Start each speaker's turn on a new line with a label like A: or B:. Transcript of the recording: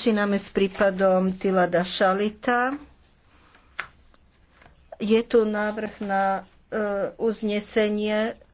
A: Začíname s prípadom Tilada Šalita. Je tu návrh na e, uznesenie